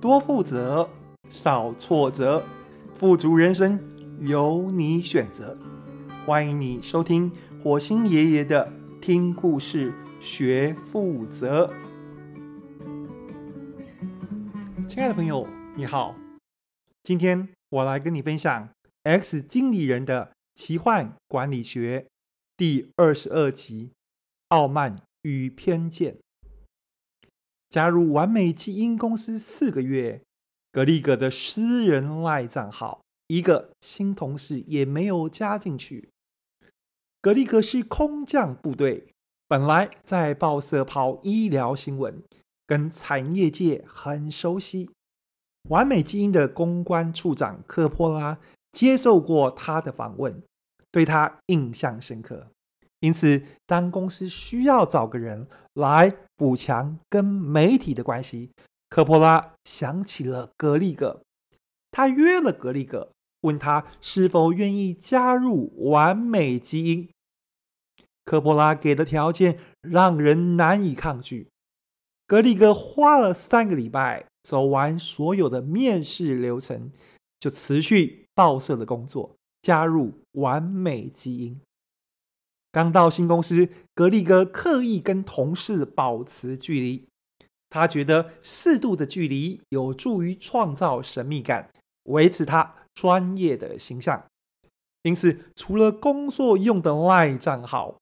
多富擇，少錯責，富足人生由你選擇。歡迎你收聽火星爺爺的聽故事學富擇。親愛的朋友，你好，今天我來跟你分享《X 經理人的奇幻管理學》第二十二集：傲慢與偏見。加入完美基因公司四個月，葛利格的私人賴賬號一個新同事也沒有加進去。葛利格是空降部隊，本來在報社跑醫療新聞，跟產業界很熟悉。完美基因的公關處長科波拉接受過他的訪問，對他印象深刻，因此當公司需要找個人來。補強跟媒體的關係，科波拉想起了葛利格，他約了葛利格，問他是否願意加入完美基因。科波拉給的條件讓人難以抗拒，葛利格花了三個禮拜走完所有的面試流程，就辭去報社的工作，加入完美基因。剛到新公司，葛利格刻意跟同事保持距離。他覺得適度的距離有助於創造神秘感，維持他專業的形象。因此，除了工作用的 Line 賬號，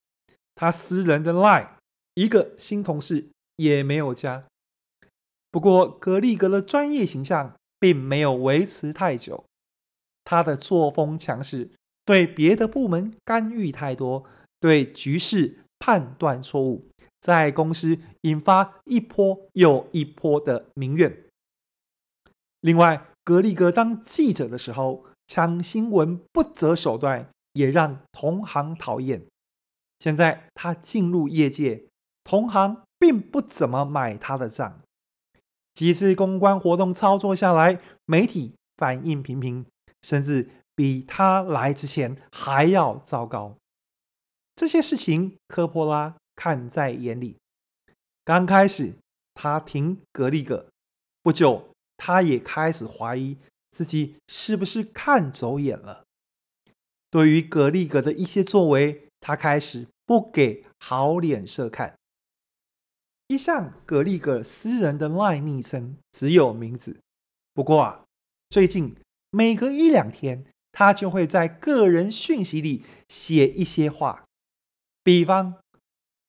他私人的 Line，一個新同事也沒有加。不過，葛利格的專業形象並沒有維持太久。他的作風強勢，對別的部門干預太多。對局勢判斷錯誤，在公司引發一波又一波的民怨。另外，葛利格當記者的時候搶新聞不擇手段，也讓同行討厭。現在他進入業界，同行並不怎麼買他的賬。幾次公關活動操作下來，媒體反應平平，甚至比他來之前還要糟糕。這些事情，科波拉看在眼裡。剛開始，他挺葛利格，不久，他也開始懷疑自己是不是看走眼了。對於葛利格的一些作為，他開始不給好臉色看。一向葛利格私人的 LINE 暱稱只有名字，不過啊，最近每隔一兩天，他就會在個人訊息裡寫一些話。比方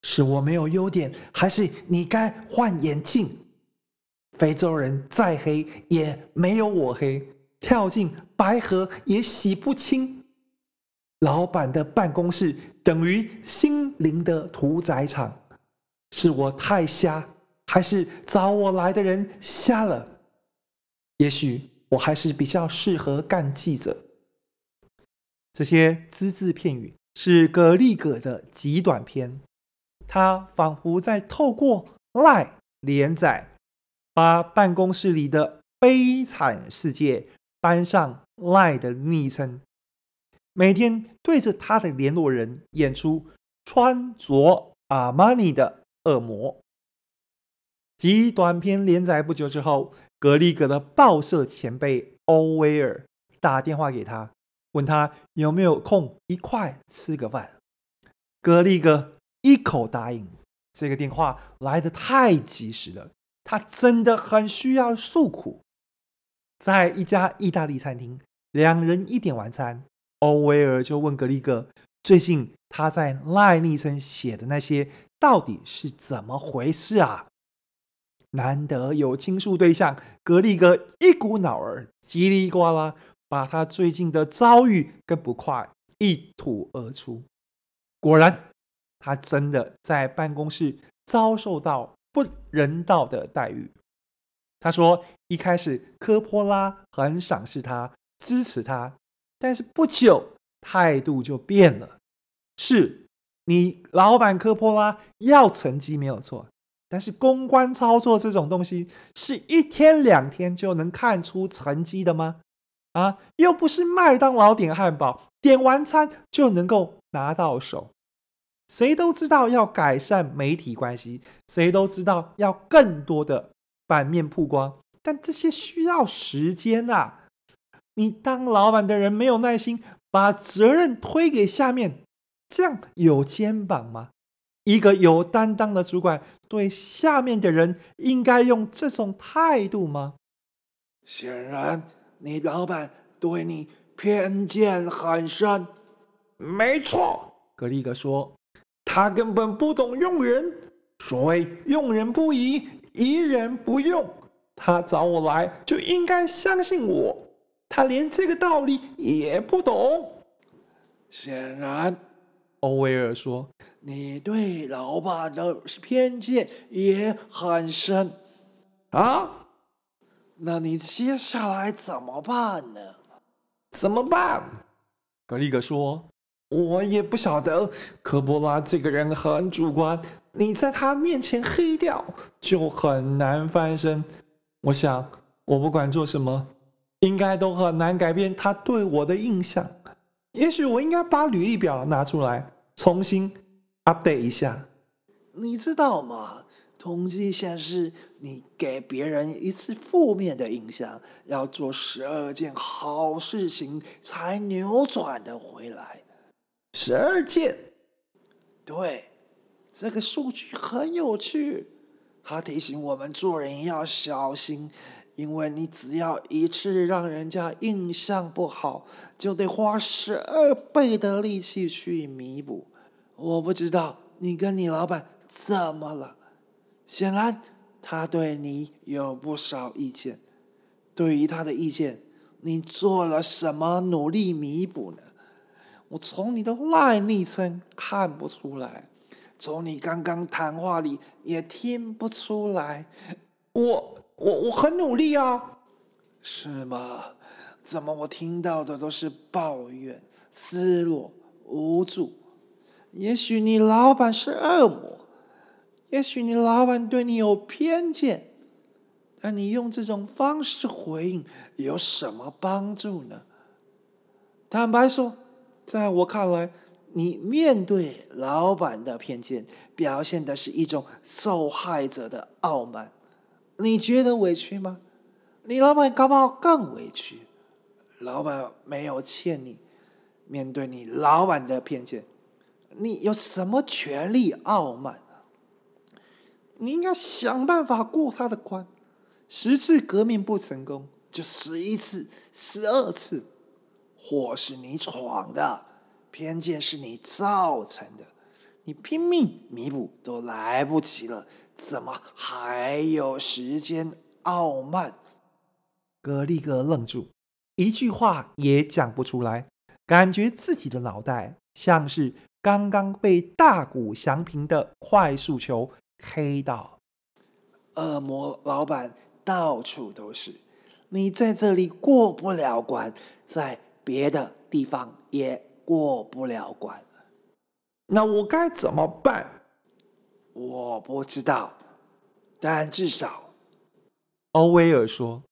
是，我沒有優點，還是你該換眼鏡？非洲人再黑也沒有我黑，跳進白河也洗不清。老闆的辦公室等於心靈的屠宰場，是我太瞎，還是找我來的人瞎了？也許我還是比較適合幹記者。這些隻字片語。是葛利格的極短篇，他仿佛在透過賴連載，把辦公室裡的悲慘世界搬上賴的昵稱，每天對着他的聯絡人演出穿着阿瑪尼的惡魔。極短篇連載不久之後，葛利格的報社前輩歐威爾打電話給他。問他有沒有空一塊吃個飯？葛利格一口答應。這個電話來得太及時了，他真的很需要訴苦。在一家意大利餐廳，兩人一點晚餐，歐威爾就問葛利格：“最近他在賴立森寫的那些到底是怎麼回事啊？”難得有傾訴對象，葛利格一股腦兒嘰里呱啦。把他最近的遭遇跟不快一吐而出。果然，他真的在辦公室遭受到不人道的待遇。他說：“一開始科波拉很賞識他，支持他，但是不久態度就變了。是你老闆科波拉要成績沒有錯，但是公關操作這種東西是一天兩天就能看出成績的嗎？”啊，又不是麥當勞點漢堡，點完餐就能夠拿到手。誰都知道要改善媒體關係，誰都知道要更多的版面曝光，但這些需要時間啊。你當老闆的人沒有耐心，把責任推給下面，這樣有肩膀嗎？一個有擔當的主管對下面的人應該用這種態度嗎？顯然，你老闆對你偏見很深，沒錯。葛利格說：“他根本不懂用人。所謂‘用人不疑，疑人不用’，他找我來就應該相信我。他連這個道理也不懂。”顯然，歐威爾說：“你對老闆的偏見也很深。”啊？那你接下來怎麼辦呢？怎麼辦？葛利格說：“我也不曉得。科波拉這個人很主觀，你在他面前黑掉就很難翻身。我想，我不管做什麼，應該都很難改變他對我的印象。也許我應該把履歷表拿出來重新 update 一下。你知道嗎？”統計顯示，你給別人一次負面的印象，要做十二件好事情才扭轉的回來。十二件，對，這個數據很有趣。他提醒我們做人要小心，因為你只要一次讓人家印象不好，就得花十二倍的力氣去彌補。我不知道你跟你老闆怎麼了？顯然，他對你有不少意見。對於他的意見，你做了什麼努力彌補呢？我從你的外力聲看不出來，從你剛剛談話裡也聽不出來。我，我，我很努力啊。是嗎？怎麼我聽到的都是抱怨、失落、無助？也許你老闆是惡魔。也許你老闆對你有偏見，那你用這種方式回應有什麼幫助呢？坦白說，在我看來，你面對老闆的偏見，表現的是一種受害者的傲慢。你覺得委屈嗎？你老闆搞不好更委屈。老闆沒有欠你，面對你老闆的偏見，你有什麼權利傲慢？你應該想辦法過他的關。十次革命不成功，就十一次、十二次。禍是你闖的，偏見是你造成的。你拼命彌補都來不及了，怎麼還有時間傲慢？葛利格愣住，一句話也講不出來，感覺自己的腦袋像是剛剛被大谷翔平的快速球。黑道，惡魔老闆到處都是。你在這裡過不了關，在別的地方也過不了關。那我該怎麼辦？我不知道。但至少，歐威爾說，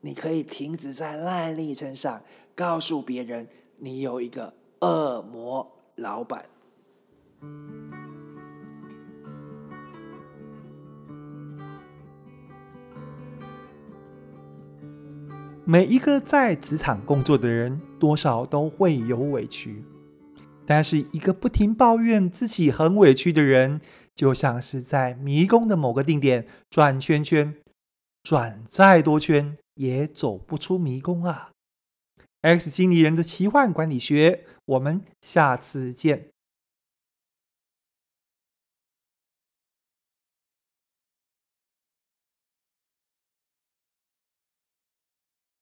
你可以停止在賴利身上，告訴別人你有一個惡魔老闆。每一個在職場工作的人，多少都會有委屈。但是，一個不停抱怨自己很委屈的人，就像是在迷宮的某個定點轉圈圈，轉再多圈也走不出迷宮啊！X 經理人的奇幻管理學，我們下次見。